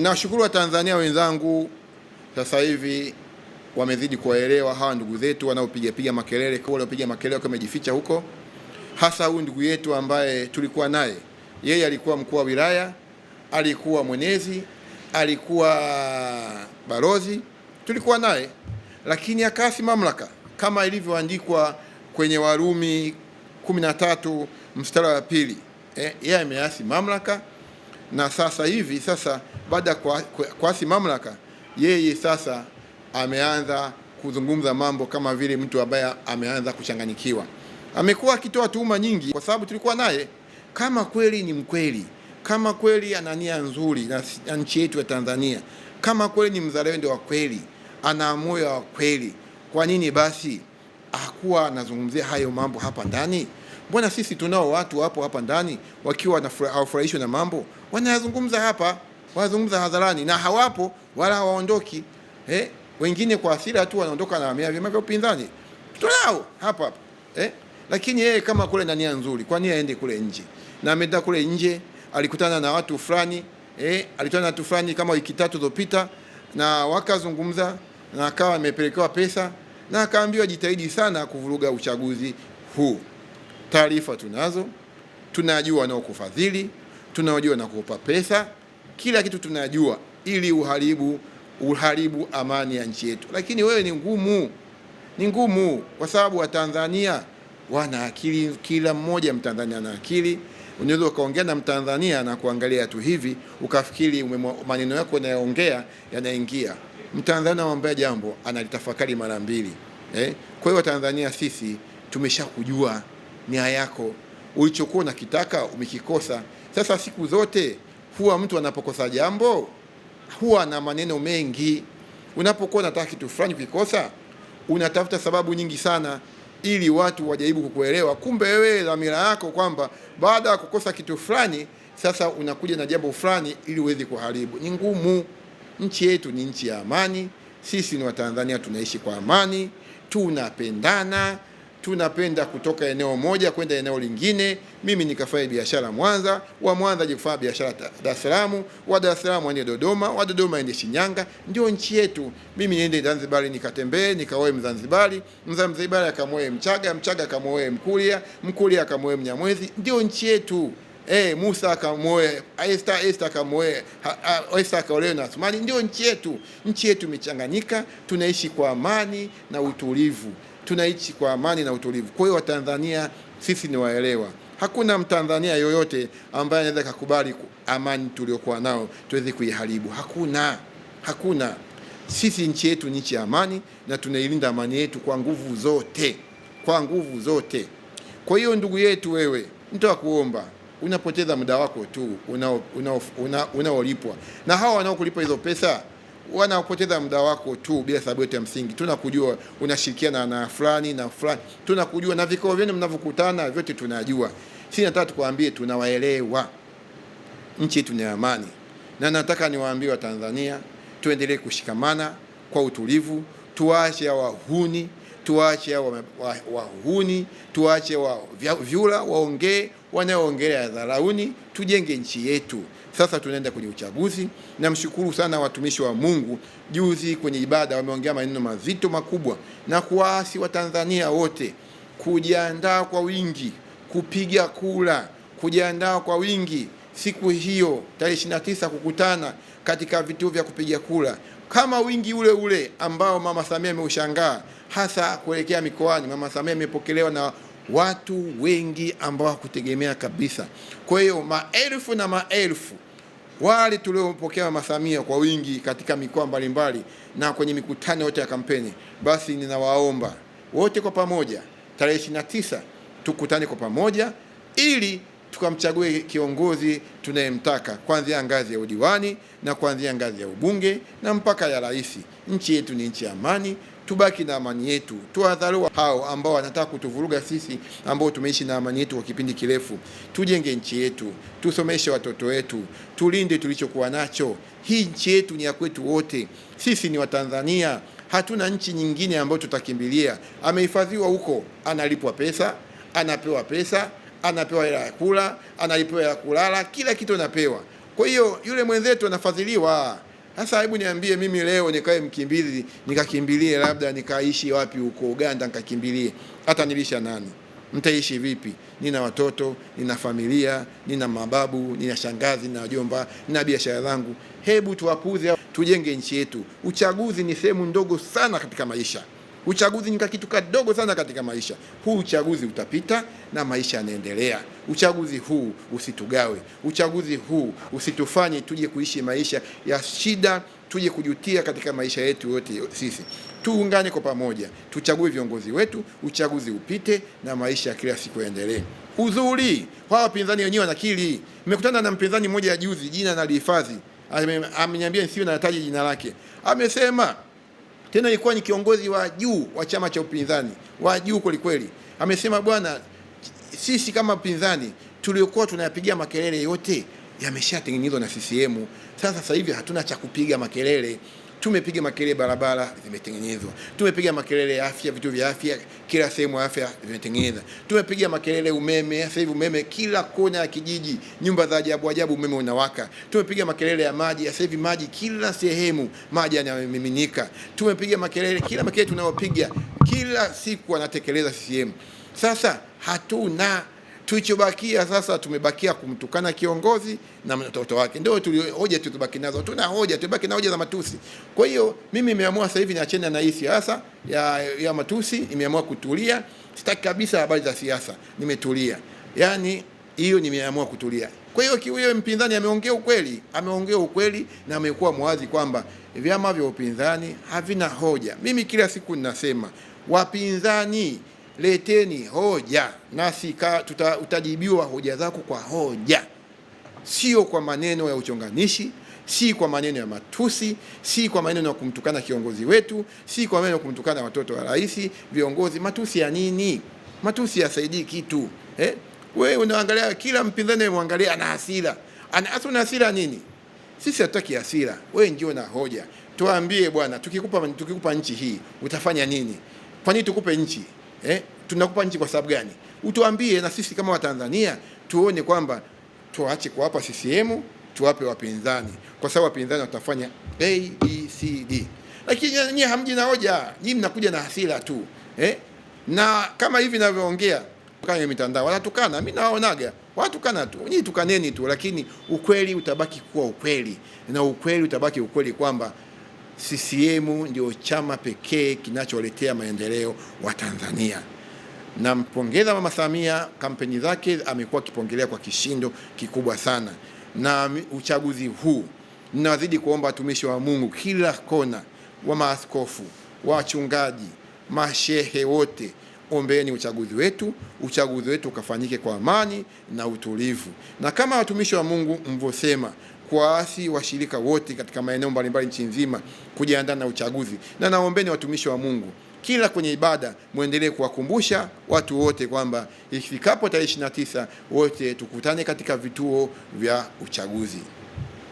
Nashukuru Watanzania wenzangu, sasa hivi wamezidi kuwaelewa hawa ndugu zetu wanaopigapiga makelele, kwa wapiga makelele wakiwa wamejificha huko, hasa huyu ndugu yetu ambaye tulikuwa naye. Yeye alikuwa mkuu wa wilaya, alikuwa mwenezi, alikuwa balozi, tulikuwa naye, lakini akaasi mamlaka kama ilivyoandikwa kwenye Warumi 13 mstari wa pili. Eh, yeye ameasi mamlaka na sasa hivi sasa baada ya kuasi mamlaka, yeye sasa ameanza kuzungumza mambo kama vile mtu ambaye ameanza kuchanganyikiwa. Amekuwa akitoa tuhuma nyingi, kwa sababu tulikuwa naye kama kweli ni mkweli, kama kweli ana nia nzuri na nchi yetu ya Tanzania, kama kweli ni mzalendo wa kweli, ana moyo wa kweli, kwa nini basi hakuwa anazungumzia hayo mambo hapa ndani? Mbona sisi tunao watu hapo hapa ndani wakiwa hawafurahishwi na mambo wanayazungumza hapa, wanazungumza hadharani na hawapo wala hawaondoki eh? Wengine kwa asira tu wanaondoka na wamea vyama vya upinzani tunao hapa hapa eh? Lakini yeye kama kule na nia nzuri, kwa nini aende kule nje? Na ameenda kule nje, alikutana na watu fulani eh, alikutana na watu fulani kama wiki tatu zilizopita, na wakazungumza na akawa amepelekewa pesa na akaambiwa jitahidi sana kuvuruga uchaguzi huu. Taarifa tunazo, tunajua wanaokufadhili, tunajua na kukupa pesa, kila kitu tunajua, ili uharibu uharibu amani ya nchi yetu. Lakini wewe ni ngumu, ni ngumu kwa sababu Watanzania wana akili, kila mmoja Mtanzania ana akili. Unaweza ukaongea na Mtanzania na kuangalia tu hivi ukafikiri maneno yako unayoongea yanaingia. Mtanzania anamwambia jambo analitafakari mara mbili eh? Kwa hiyo Watanzania sisi tumeshakujua nia yako, ulichokuwa unakitaka umekikosa. Sasa siku zote huwa mtu anapokosa jambo huwa na maneno mengi. Unapokuwa unataka kitu fulani kukikosa, unatafuta sababu nyingi sana ili watu wajaribu kukuelewa. Kumbe wewe dhamira yako kwamba baada ya kukosa kitu fulani, sasa unakuja na jambo fulani ili uweze kuharibu. Ni ngumu. Nchi yetu ni nchi ya amani, sisi ni Watanzania, tunaishi kwa amani, tunapendana tunapenda kutoka eneo moja kwenda eneo lingine, mimi nikafanya biashara Mwanza, wa Mwanza aje biashara Dar es Salaam, wa Dar es Salaam aende Dodoma, wa Dodoma aende Shinyanga. Ndio nchi yetu. Mimi niende Zanzibari nikatembee, nikaoe Mzanzibari, Mzanzibari akamwoe Mchaga, Mchaga akamwoe Mkuria, Mkuria akamwoe Mnyamwezi. Ndio nchi yetu eh, Musa akamwoe Esther, Esther akamwoe Esther akaolewa na Athumani. Ndio nchi yetu, nchi yetu imechanganyika, tunaishi kwa amani na utulivu, tunaishi kwa amani na utulivu. Kwa hiyo Watanzania sisi ni waelewa. Hakuna Mtanzania yoyote ambaye anaweza kukubali amani tuliokuwa nao tuweze kuiharibu. Hakuna, hakuna. Sisi nchi yetu ni nchi ya amani na tunailinda amani yetu kwa nguvu zote, kwa nguvu zote. Kwa hiyo ndugu yetu, wewe nitakuomba unapoteza muda wako tu unaolipwa una, una, una na hawa wanaokulipa hizo pesa wanapoteza muda wako tu bila sababu yote ya msingi. Tunakujua unashirikiana na fulani na fulani, tunakujua na vikao vyenu mnavyokutana vyote tunajua. Si nataka tukwambie, tunawaelewa. Nchi yetu ni amani, na nataka niwaambie Watanzania tuendelee kushikamana kwa utulivu, tuache hawa huni tuache wahuni, tuache vyura waongee wanaoongelea dharauni, tujenge nchi yetu. Sasa tunaenda kwenye uchaguzi. Namshukuru sana watumishi wa Mungu, juzi kwenye ibada wameongea maneno mazito makubwa, na kuwaasi Watanzania wote kujiandaa kwa wingi kupiga kura, kujiandaa kwa wingi siku hiyo tarehe 29 kukutana katika vituo vya kupiga kura kama wingi ule ule ambao Mama Samia ameushangaa hasa kuelekea mikoani. Mama Samia imepokelewa na watu wengi ambao hakutegemea kabisa. Kwa hiyo maelfu na maelfu wale tuliopokea Mama Samia kwa wingi katika mikoa mbalimbali na kwenye mikutano yote ya kampeni, basi ninawaomba wote kwa pamoja tarehe 29 tukutane kwa pamoja ili tukamchague kiongozi tunayemtaka kuanzia ngazi ya udiwani na kuanzia ngazi ya ubunge na mpaka ya rais. Nchi yetu ni nchi ya amani tubaki na amani yetu, tuwadharau hao ambao wanataka kutuvuruga sisi ambao tumeishi na amani yetu kwa kipindi kirefu. Tujenge nchi yetu, tusomeshe watoto wetu, tulinde tulichokuwa nacho. Hii nchi yetu ni ya kwetu wote, sisi ni Watanzania. Hatuna nchi nyingine ambayo tutakimbilia. Amehifadhiwa huko, analipwa pesa, anapewa pesa, anapewa hela ya kula, analipewa ya kulala, kila kitu anapewa. Kwa hiyo yule mwenzetu anafadhiliwa. Sasa hebu niambie mimi leo nikae mkimbizi nikakimbilie labda nikaishi wapi huko Uganda nikakimbilie. Hata nilisha nani? Mtaishi vipi? Nina watoto, nina familia, nina mababu, nina shangazi, nina wajomba, nina biashara zangu. Hebu tuwapuze, tujenge nchi yetu. Uchaguzi ni sehemu ndogo sana katika maisha. Uchaguzi ni kitu kadogo sana katika maisha. Huu uchaguzi utapita na maisha yanaendelea. Uchaguzi huu usitugawe, uchaguzi huu usitufanye tuje kuishi maisha ya shida, tuje kujutia katika maisha yetu yote. Sisi tuungane kwa pamoja, tuchague viongozi wetu, uchaguzi upite na maisha ya kila siku yaendelee. Uzuri kwa wapinzani wenyewe wanakili. Nimekutana na mpinzani mmoja juzi, jina na ameniambia nisiwe nataja jina lake, amesema tena alikuwa ni kiongozi wa juu wa chama cha upinzani wa juu kwelikweli. Amesema bwana, sisi kama upinzani tuliokuwa tunayapigia makelele yote yameshatengenezwa na CCM. Sasa sasa hivi hatuna cha kupiga makelele. Tumepiga makelele, barabara zimetengenezwa. Tumepiga makelele ya afya, vitu vya afya, kila sehemu ya afya zimetengenezwa, Tumepiga makelele umeme, sasa hivi umeme kila kona ya kijiji, nyumba za ajabu ajabu, umeme unawaka. Tumepiga makelele ya maji, sasa hivi maji kila sehemu, maji yanamiminika. Tumepiga makelele, kila makelele tunayopiga kila siku anatekeleza CCM. Sasa hatuna Tulichobakia sasa, tumebakia kumtukana kiongozi na mtoto wake. Ndio hoja tulizobaki nazo, Tuna hoja, tubaki na hoja za matusi. Kwa hiyo mimi nimeamua sasa hivi niachane na hii siasa ya, ya matusi, nimeamua kutulia. Sitaki kabisa habari za siasa, nimetulia. Yani hiyo nimeamua kutulia. Kwa hiyo kiwe mpinzani ameongea ukweli, ameongea ukweli na amekuwa mwazi kwamba vyama vya upinzani havina hoja. Mimi kila siku ninasema wapinzani leteni hoja nasi utajibiwa hoja zako kwa hoja, sio kwa maneno ya uchonganishi, si kwa maneno ya matusi, si kwa maneno ya kumtukana kiongozi wetu, si kwa maneno ya kumtukana watoto wa rais, viongozi. Matusi ya nini? Matusi yasaidii kitu eh? Wewe unaangalia kila mpinzani, unamwangalia ana hasira, ana hasira, asuna hasira nini? Sisi hatutaki hasira, wewe njoo na hoja, tuambie bwana, tukikupa tukikupa nchi hii utafanya nini? Kwa nini tukupe nchi? eh, tunakupa nchi kwa sababu gani? Utuambie na sisi kama Watanzania tuone kwamba tuache kuwapa CCM tuwape wapinzani, kwa sababu wapinzani watafanya A B C D. Lakini nyinyi hamji na hoja, nyinyi mnakuja na hasira tu eh? na kama hivi ninavyoongea kwenye mitandao wanatukana, mimi nawaonaga wanatukana tu, nyinyi tukaneni tu, lakini ukweli utabaki kuwa ukweli na ukweli utabaki ukweli kwamba CCM ndio chama pekee kinacholetea maendeleo wa Tanzania. Nampongeza Mama Samia, kampeni zake amekuwa akipongelea kwa kishindo kikubwa sana, na uchaguzi huu ninazidi kuomba watumishi wa Mungu kila kona, wa maaskofu, wachungaji, mashehe wote Ombeni uchaguzi wetu, uchaguzi wetu ukafanyike kwa amani na utulivu. Na kama watumishi wa Mungu mvosema, kuwaasi washirika wote katika maeneo mbalimbali nchi nzima kujiandaa na uchaguzi, na naombeni watumishi wa Mungu kila kwenye ibada mwendelee kuwakumbusha watu wote kwamba ifikapo tarehe 29 wote tukutane katika vituo vya uchaguzi.